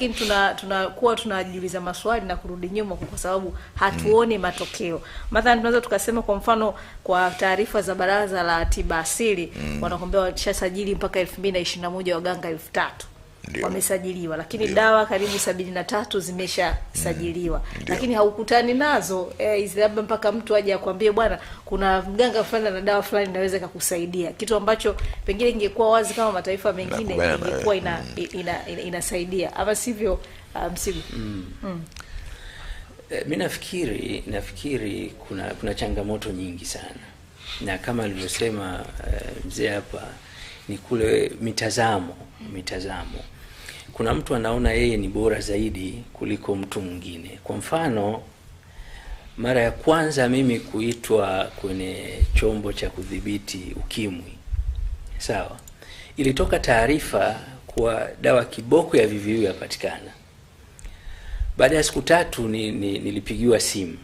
lakini tuna tunakuwa tunajiuliza maswali na kurudi nyuma kwa sababu hatuoni matokeo. Mathalan, tunaweza tukasema kwa mfano kwa taarifa za Baraza la Tiba Asili mm. wanakwambia washasajili mpaka elfu mbili na ishirini na moja waganga elfu tatu wamesajiliwa, lakini Ndiyo. dawa karibu sabini na tatu zimeshasajiliwa mm. lakini haukutani nazo eh, labda mpaka mtu aje akwambie bwana, kuna mganga fulani na dawa fulani inaweza ikakusaidia, kitu ambacho pengine ingekuwa wazi kama mataifa mengine ingekuwa ina, mm. ina, ina, ina, inasaidia ama sivyo? msigu um, mm. mm. Eh, mi nafikiri nafikiri kuna kuna changamoto nyingi sana, na kama alivyosema uh, mzee hapa ni kule mitazamo mitazamo kuna mtu anaona yeye ni bora zaidi kuliko mtu mwingine. Kwa mfano, mara ya kwanza mimi kuitwa kwenye chombo cha kudhibiti ukimwi, sawa, ilitoka taarifa kuwa dawa kiboko ya VVU yapatikana. Baada ya siku tatu ni, ni, nilipigiwa simu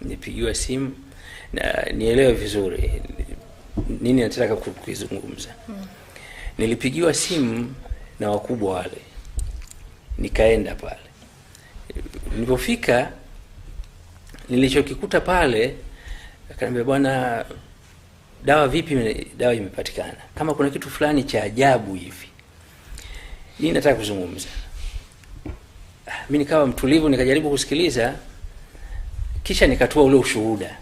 nilipigiwa simu na nielewe vizuri nini nataka kukizungumza. Hmm. Nilipigiwa simu na wakubwa wale nikaenda pale. Nilipofika nilichokikuta pale, akaniambia bwana, dawa vipi? Dawa imepatikana, kama kuna kitu fulani cha ajabu hivi, mimi nataka kuzungumza. Ah, mimi nikawa mtulivu, nikajaribu kusikiliza, kisha nikatoa ule ushuhuda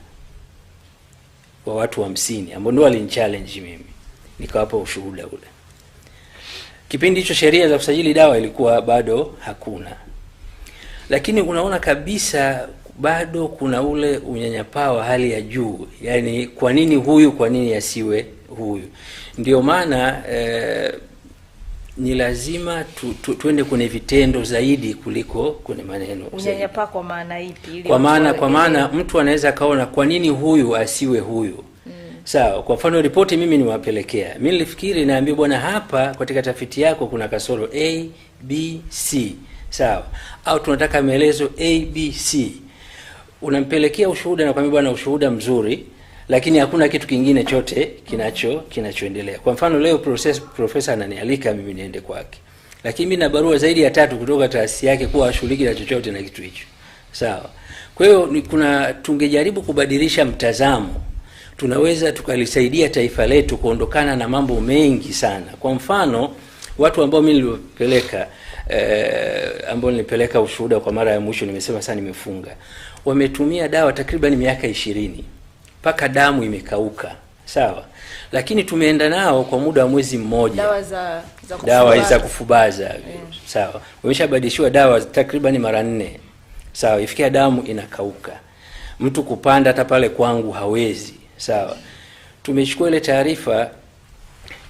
wa watu hamsini ambao ndio walinichallenge mimi, nikawapa ushuhuda ule Kipindi hicho sheria za kusajili dawa ilikuwa bado hakuna, lakini unaona kabisa bado kuna ule unyanyapaa wa hali ya juu, yani kwa nini huyu, kwa nini asiwe huyu? Ndio maana eh, ni lazima tu, tu, tuende kwenye vitendo zaidi kuliko kwenye maneno. Unyanyapaa kwa maana ipi? kwa maana kwa maana mtu anaweza akaona kwa nini huyu asiwe huyu Sawa, kwa mfano ripoti mimi niwapelekea, mi nilifikiri naambia bwana, hapa katika tafiti yako kuna kasoro a b c, sawa, au tunataka maelezo a b c. Unampelekea ushuhuda na kwambia bwana, ushuhuda mzuri, lakini hakuna kitu kingine chote kinacho kinachoendelea. Kwa mfano leo process, profesa ananialika mimi niende kwake, lakini mimi na barua zaidi ya tatu kutoka taasisi yake kuwa washughuliki na chochote na kitu hicho, sawa. Kwa hiyo kuna tungejaribu kubadilisha mtazamo tunaweza tukalisaidia taifa letu kuondokana na mambo mengi sana. Kwa mfano watu ambao mi nilipeleka eh, ambao nilipeleka ushuhuda kwa mara ya mwisho, nimesema sana nimefunga, wametumia dawa takriban miaka ishirini mpaka damu imekauka sawa, lakini tumeenda nao kwa muda wa mwezi mmoja, dawa za, za kufubaza, dawa kufubaza. Mm. Sawa, wameshabadilishiwa dawa takriban mara nne, sawa, ifikia damu inakauka, mtu kupanda hata pale kwangu hawezi sawa tumechukua ile taarifa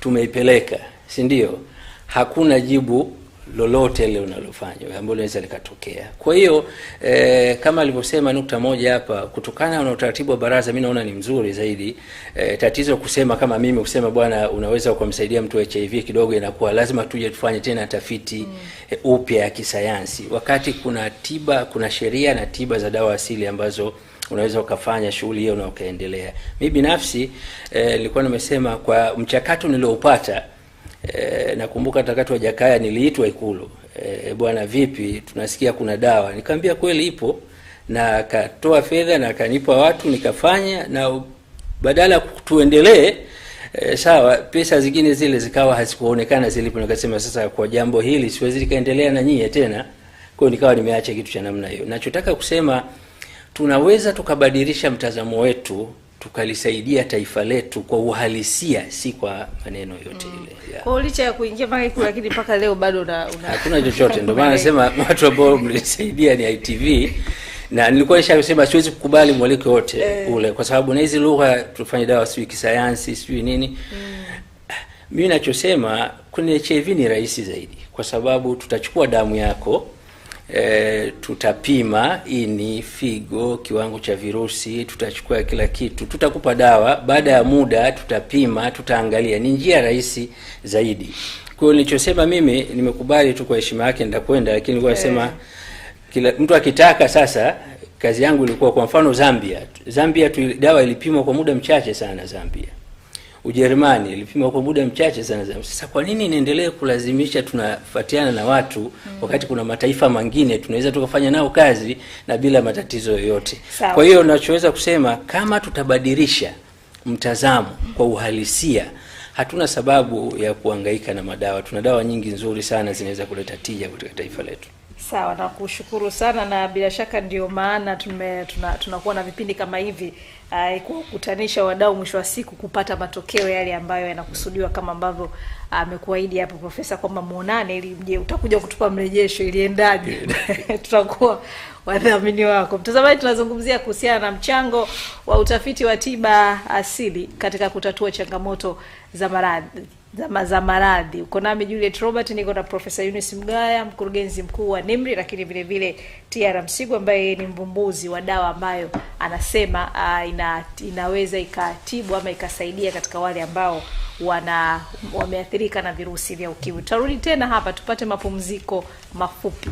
tumeipeleka si ndio hakuna jibu lolote ile unalofanya ambalo linaweza likatokea. Kwa hiyo e, kama alivyosema nukta moja hapa, kutokana na utaratibu wa baraza, mimi naona ni mzuri zaidi. E, tatizo kusema kama mimi kusema bwana, unaweza ukamsaidia mtu HIV kidogo, inakuwa lazima tuje tufanye tena tafiti mm. e, upya ya kisayansi, wakati kuna tiba, kuna sheria na tiba za dawa asili ambazo unaweza ukafanya shughuli hiyo na ukaendelea. Mimi binafsi nilikuwa e, nimesema kwa mchakato nilioupata E, nakumbuka hata wa Jakaya niliitwa Ikulu, e, bwana vipi, tunasikia kuna dawa. nikaambia kweli ipo, na akatoa fedha na akanipa watu nikafanya, na badala tuendelee E, eh, sawa, pesa zingine zile zikawa hazikuonekana zilipo. Nikasema sasa, kwa jambo hili siwezi likaendelea na nyie tena, kwa nikawa nimeacha kitu cha namna hiyo. Nachotaka kusema tunaweza tukabadilisha mtazamo wetu tukalisaidia taifa letu kwa uhalisia, si kwa maneno yote mm. ile yeah. Kwa licha ya kuingia iko, lakini mpaka leo bado una hakuna chochote. Ndio maana nasema watu ambao mlisaidia ni ITV na nilikuwa nishasema siwezi kukubali mwaliko wote eh, ule kwa sababu na hizi lugha tufanye dawa sijui kisayansi sijui nini mm. Mimi nachosema kwenye HIV ni rahisi zaidi, kwa sababu tutachukua damu yako E, tutapima ini, figo, kiwango cha virusi, tutachukua kila kitu, tutakupa dawa. Baada ya muda tutapima, tutaangalia. Ni njia rahisi zaidi. Kwa hiyo nilichosema mimi nimekubali tu kwa heshima yake, nitakwenda, lakini kwa eh. sema kila mtu akitaka. Sasa kazi yangu ilikuwa kwa mfano Zambia, Zambia tu dawa ilipimwa kwa muda mchache sana Zambia. Ujerumani ilipima kwa muda mchache sana. Sasa kwa nini inaendelea kulazimisha tunafuatiana na watu mm. wakati kuna mataifa mengine tunaweza tukafanya nao kazi na bila matatizo yoyote? Kwa hiyo nachoweza kusema kama tutabadilisha mtazamo kwa uhalisia hatuna sababu ya kuangaika na madawa. Tuna dawa nyingi nzuri sana zinaweza kuleta tija katika taifa letu. Sawa, nakushukuru sana, na bila shaka ndio maana tume- tuna na vipindi kama hivi Eh, kukutanisha wadau mwisho wa siku kupata matokeo yale ambayo yanakusudiwa kama ambavyo eh, amekuahidi hapo Profesa kwamba muonane, ili mje utakuja kutupa mrejesho iliendaje. tutakuwa wadhamini wako. Mtazamaji, tunazungumzia kuhusiana na mchango wa utafiti wa tiba asili katika kutatua changamoto za maradhi za maradhi. Uko nami Juliet Robert, niko na Profesa Eunice Mgaya, mkurugenzi mkuu wa nimri lakini vile vile TR Msigwa ambaye ni mvumbuzi wa dawa ambayo anasema uh, ina, inaweza ikatibu ama ikasaidia katika wale ambao wana wameathirika na virusi vya ukimwi. Tutarudi tena hapa tupate mapumziko mafupi.